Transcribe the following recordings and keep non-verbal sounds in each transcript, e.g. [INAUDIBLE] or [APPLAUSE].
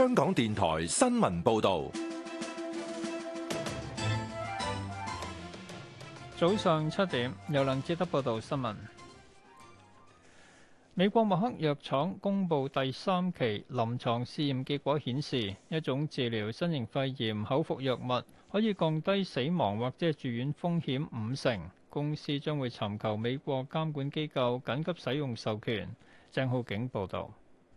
香港電台新聞報道，早上七點，尤能接得報道新聞。美國默克藥廠公布第三期臨床試驗結果顯示，一種治療新型肺炎口服藥物可以降低死亡或者係住院風險五成。公司將會尋求美國監管機構緊急使用授權。鄭浩景報道。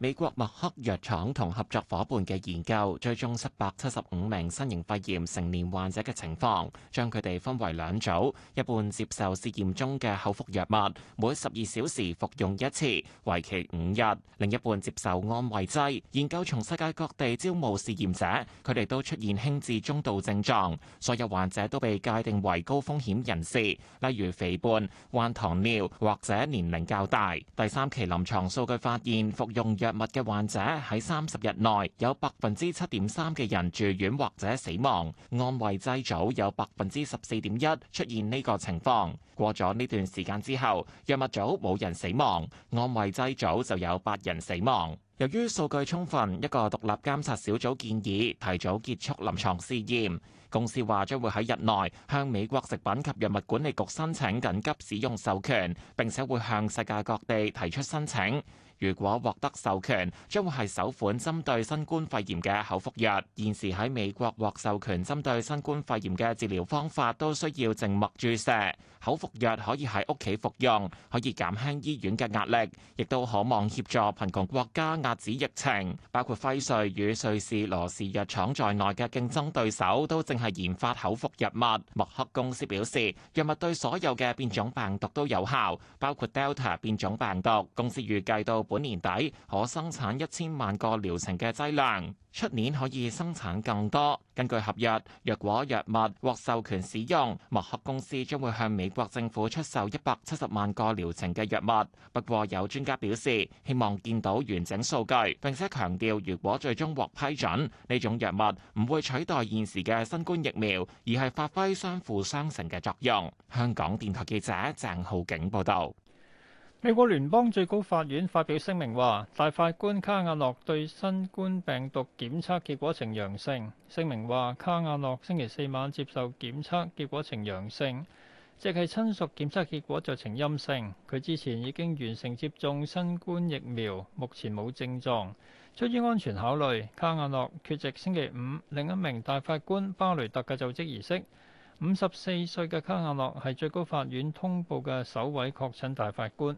美國默克藥廠同合作伙伴嘅研究追蹤七百七十五名新型肺炎成年患者嘅情況，將佢哋分為兩組，一半接受試驗中嘅口服藥物，每十二小時服用一次，為期五日；另一半接受安慰劑。研究從世界各地招募試驗者，佢哋都出現輕至中度症狀，所有患者都被界定為高風險人士，例如肥胖、患糖尿或者年齡較大。第三期臨床數據發現，服用藥物嘅患者喺三十日內有百分之七點三嘅人住院或者死亡，安慰劑組有百分之十四點一出現呢個情況。過咗呢段時間之後藥物組冇人死亡，安慰劑組就有八人死亡。由於數據充分，一個獨立監察小組建議提早結束臨床試驗，公司話將會喺日內向美國食品及藥物管理局申請緊急使用授權，並且會向世界各地提出申請。如果獲得授權，將會係首款針對新冠肺炎嘅口服藥。現時喺美國獲授權針對新冠肺炎嘅治療方法都需要靜脈注射，口服藥可以喺屋企服用，可以減輕醫院嘅壓力，亦都可望協助貧窮國家壓止疫情。包括輝瑞與瑞士羅氏藥廠在內嘅競爭對手都正係研發口服藥物。默克公司表示，藥物對所有嘅變種病毒都有效，包括 Delta 變種病毒。公司預計到本年底可生產一千萬個療程嘅劑量，出年可以生產更多。根據合約，若果藥物獲授權使用，默克公司將會向美國政府出售一百七十萬個療程嘅藥物。不過有專家表示，希望見到完整數據，並且強調如果最終獲批准，呢種藥物唔會取代現時嘅新冠疫苗，而係發揮相輔相成嘅作用。香港電台記者鄭浩景報道。美國聯邦最高法院發表聲明話，大法官卡瓦諾對新冠病毒檢測結果呈陽性。聲明話，卡瓦諾星期四晚接受檢測，結果呈陽性，即係親屬檢測結果就呈陰性。佢之前已經完成接種新冠疫苗，目前冇症狀。出於安全考慮，卡瓦諾缺席星期五另一名大法官巴雷特嘅就職儀式。五十四歲嘅卡瓦諾係最高法院通報嘅首位確診大法官。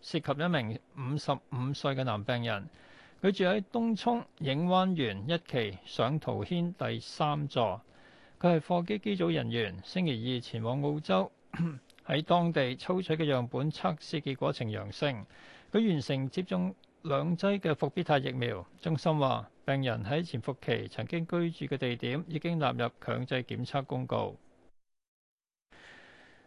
涉及一名五十五歲嘅男病人，佢住喺東涌映灣園一期賞濤軒第三座，佢係貨機機組人員，星期二前往澳洲喺 [COUGHS] 當地抽取嘅樣本，測試結果呈陽性，佢完成接種兩劑嘅復必泰疫苗。中心話，病人喺潛伏期曾經居住嘅地點已經納入強制檢測公告，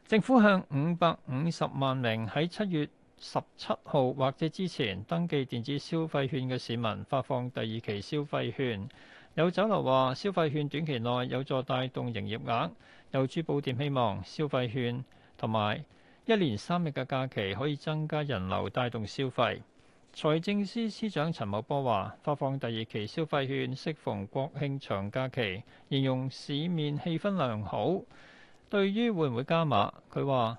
政府向五百五十萬名喺七月十七號或者之前登記電子消費券嘅市民發放第二期消費券。有酒樓話消費券短期內有助帶動營業額。有珠寶店希望消費券同埋一連三日嘅假期可以增加人流，帶動消費。財政司司長陳茂波話發放第二期消費券適逢國慶長假期，形容市面氣氛良好。對於會唔會加碼，佢話。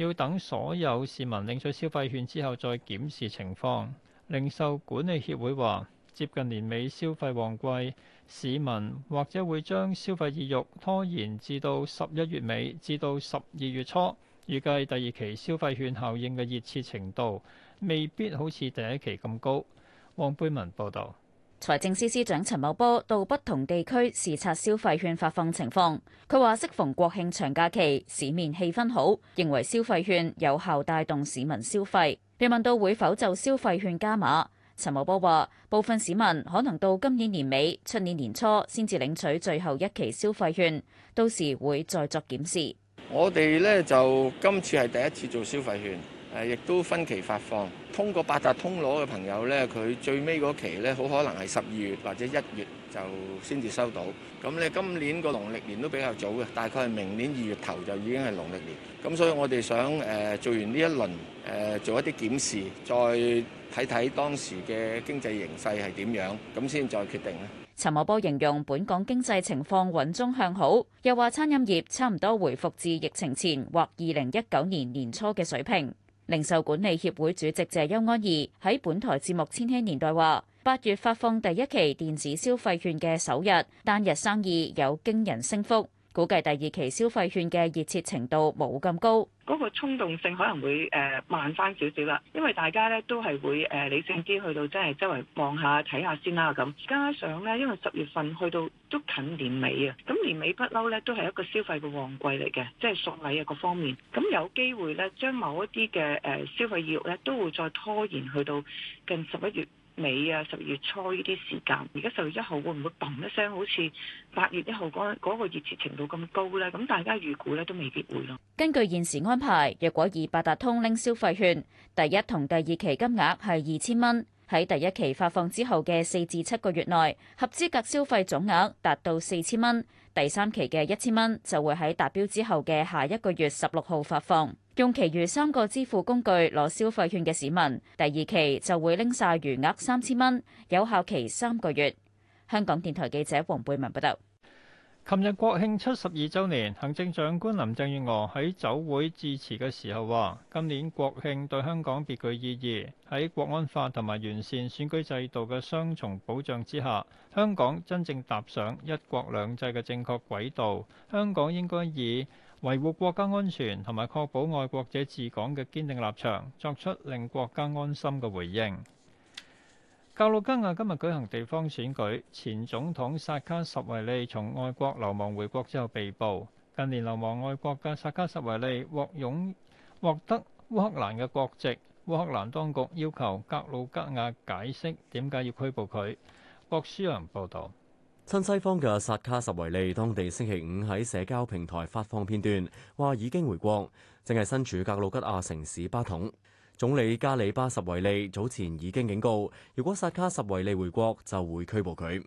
要等所有市民領取消費券之後再檢視情況，零售管理協會話，接近年尾消費旺季，市民或者會將消費意欲拖延至到十一月尾至到十二月初。預計第二期消費券效應嘅熱切程度未必好似第一期咁高。黃貝文報導。財政司司長陳茂波到不同地區視察消費券發放情況，佢話適逢國慶長假期，市面氣氛好，認為消費券有效帶動市民消費。被問到會否就消費券加碼，陳茂波話：部分市民可能到今年年尾、出年年初先至領取最後一期消費券，到時會再作檢視。我哋咧就今次係第一次做消費券。誒，亦都分期發放。通過八達通攞嘅朋友呢，佢最尾嗰期呢，好可能係十二月或者一月就先至收到。咁你今年個農曆年都比較早嘅，大概係明年二月頭就已經係農曆年。咁所以我哋想誒、呃、做完呢一輪誒、呃、做一啲檢視，再睇睇當時嘅經濟形勢係點樣，咁先再決定咧。陳茂波形容本港經濟情況穩中向好，又話餐飲業差唔多回復至疫情前或二零一九年年初嘅水平。零售管理協會主席謝優安兒喺本台節目《千禧年代》話：八月發放第一期電子消費券嘅首日，單日生意有驚人升幅，估計第二期消費券嘅熱切程度冇咁高。嗰個衝動性可能會誒、呃、慢翻少少啦，因為大家咧都係會誒、呃、理性啲去到，即係周圍望下睇下先啦咁。加上咧，因為十月份去到都近年尾啊，咁年尾不嬲咧都係一個消費嘅旺季嚟嘅，即係送禮啊各方面。咁有機會咧，將某一啲嘅誒消費熱咧都會再拖延去到近十一月。尾啊，十二月初呢啲時間，而家十月一號會唔會嘣一聲，好似八月一號嗰嗰個熱切程度咁高呢？咁大家預估呢都未必會咯。根據現時安排，若果以八達通拎消費券，第一同第二期金額係二千蚊，喺第一期發放之後嘅四至七個月內，合資格消費總額達到四千蚊，第三期嘅一千蚊就會喺達標之後嘅下一個月十六號發放。用其餘三個支付工具攞消費券嘅市民，第二期就會拎晒餘額三千蚊，有效期三個月。香港電台記者黃貝文報道。琴日國慶七十二週年，行政長官林鄭月娥喺酒會致辭嘅時候話：今年國慶對香港別具意義。喺國安法同埋完善選舉制度嘅雙重保障之下，香港真正踏上一國兩制嘅正確軌道。香港應該以維護國家安全同埋確保愛國者治港嘅堅定立場，作出令國家安心嘅回應。格魯吉亞今日舉行地方選舉，前總統薩卡什維利從外國流亡回國之後被捕。近年流亡外國嘅薩卡什維利獲擁獲得烏克蘭嘅國籍，烏克蘭當局要求格魯吉亞解釋點解要拘捕佢。郭思玲報導。親西方嘅薩卡什維利，當地星期五喺社交平台發放片段，話已經回國，正係身處格魯吉亞城市巴統。總理加里巴什維利早前已經警告，如果薩卡什維利回國，就會拘捕佢。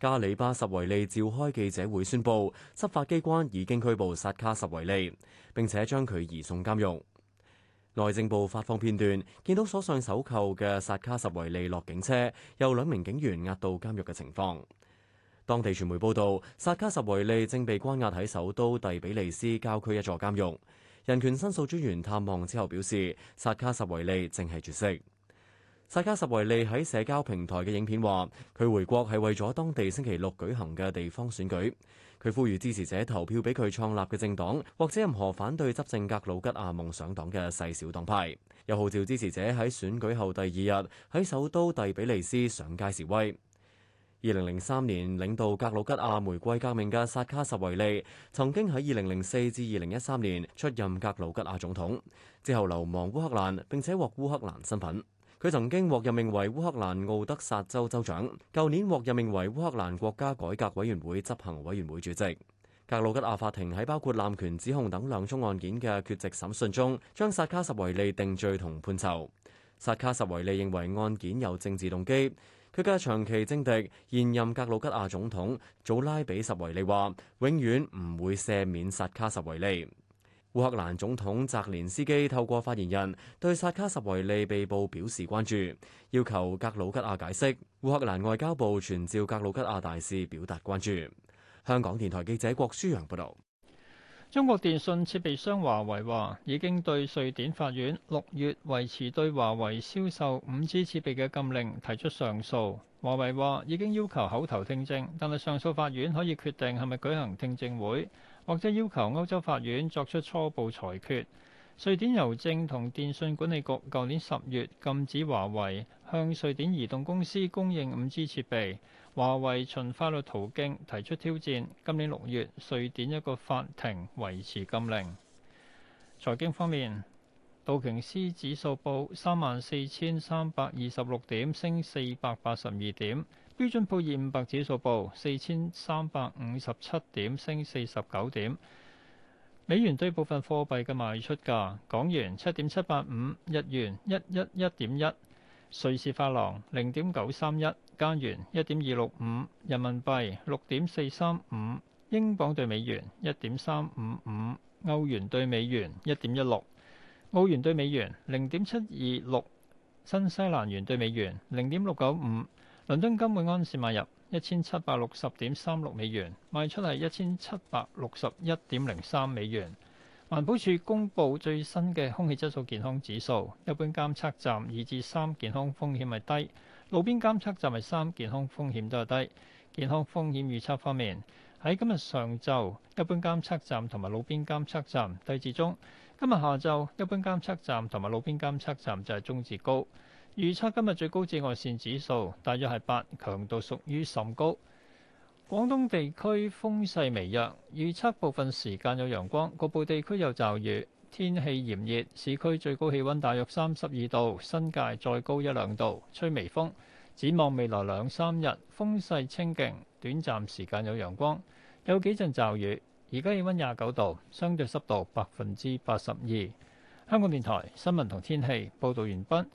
加里巴什維利召開記者會，宣布執法機關已經拘捕薩卡什維利，並且將佢移送監獄。內政部發放片段，見到所上手銬嘅薩卡什維利落警車，有兩名警員押到監獄嘅情況。當地傳媒報道，薩卡什維利正被關押喺首都第比利斯郊區一座監獄。人權申訴專員探望之後表示，薩卡什維利正係絕食。薩卡什維利喺社交平台嘅影片話，佢回國係為咗當地星期六舉行嘅地方選舉。佢呼籲支持者投票俾佢創立嘅政黨，或者任何反對執政格魯吉亞夢想黨嘅細小黨派。又號召支持者喺選舉後第二日喺首都第比利斯上街示威。二零零三年領導格魯吉亞玫瑰革命嘅薩卡什維利，曾經喺二零零四至二零一三年出任格魯吉亞總統，之後流亡烏克蘭，並且獲烏克蘭身份。佢曾經獲任命為烏克蘭奧德薩州州長，舊年獲任命為烏克蘭國家改革委員會執行委員會主席。格魯吉亞法庭喺包括濫權指控等兩宗案件嘅缺席審訊中，將薩卡什維利定罪同判囚。薩卡什維利認為案件有政治動機。佢家長期政敵，現任格魯吉亞總統祖拉比什維利話：永遠唔會赦免薩卡什維利。烏克蘭總統澤連斯基透過發言人對薩卡什維利被捕表示關注，要求格魯吉亞解釋。烏克蘭外交部傳召格魯吉亞大使表達關注。香港電台記者郭舒揚報道。中國電信設備商華為話已經對瑞典法院六月維持對華為銷售五 G 設備嘅禁令提出上訴。華為話已經要求口頭聽證，但係上訴法院可以決定係咪舉行聽證會，或者要求歐洲法院作出初步裁決。瑞典郵政同電信管理局舊年十月禁止華為向瑞典移動公司供應五 G 設備。華為循法律途徑提出挑戰。今年六月，瑞典一個法庭維持禁令。財經方面，道瓊斯指數報三萬四千三百二十六點，升四百八十二點；標準普爾五百指數報四千三百五十七點，升四十九點。美元對部分貨幣嘅賣出價：港元七點七八五，日元一一一點一。瑞士法郎零點九三一，加元一點二六五，5, 人民幣，六點四三五，英鎊兌美元一點三五五，5, 歐元兌美元一點一六，16, 澳元兌美元零點七二六，26, 新西蘭元兌美元零點六九五。95, 倫敦金每安士賣入一千七百六十點三六美元，賣出係一千七百六十一點零三美元。環保署公布最新嘅空氣質素健康指數，一般監測站二至三健康風險係低，路邊監測站係三健康風險都係低。健康風險預測方面，喺今日上晝，一般監測站同埋路邊監測站低至中；今日下晝，一般監測站同埋路邊監測站就係中至高。預測今日最高紫外線指數大約係八，強度屬於甚高。廣東地區風勢微弱，預測部分時間有陽光，局部地區有驟雨，天氣炎熱，市區最高氣溫大約三十二度，新界再高一兩度，吹微風。展望未來兩三日，風勢清勁，短暫時間有陽光，有幾陣驟雨。而家氣溫廿九度，相對濕度百分之八十二。香港電台新聞同天氣報導完畢。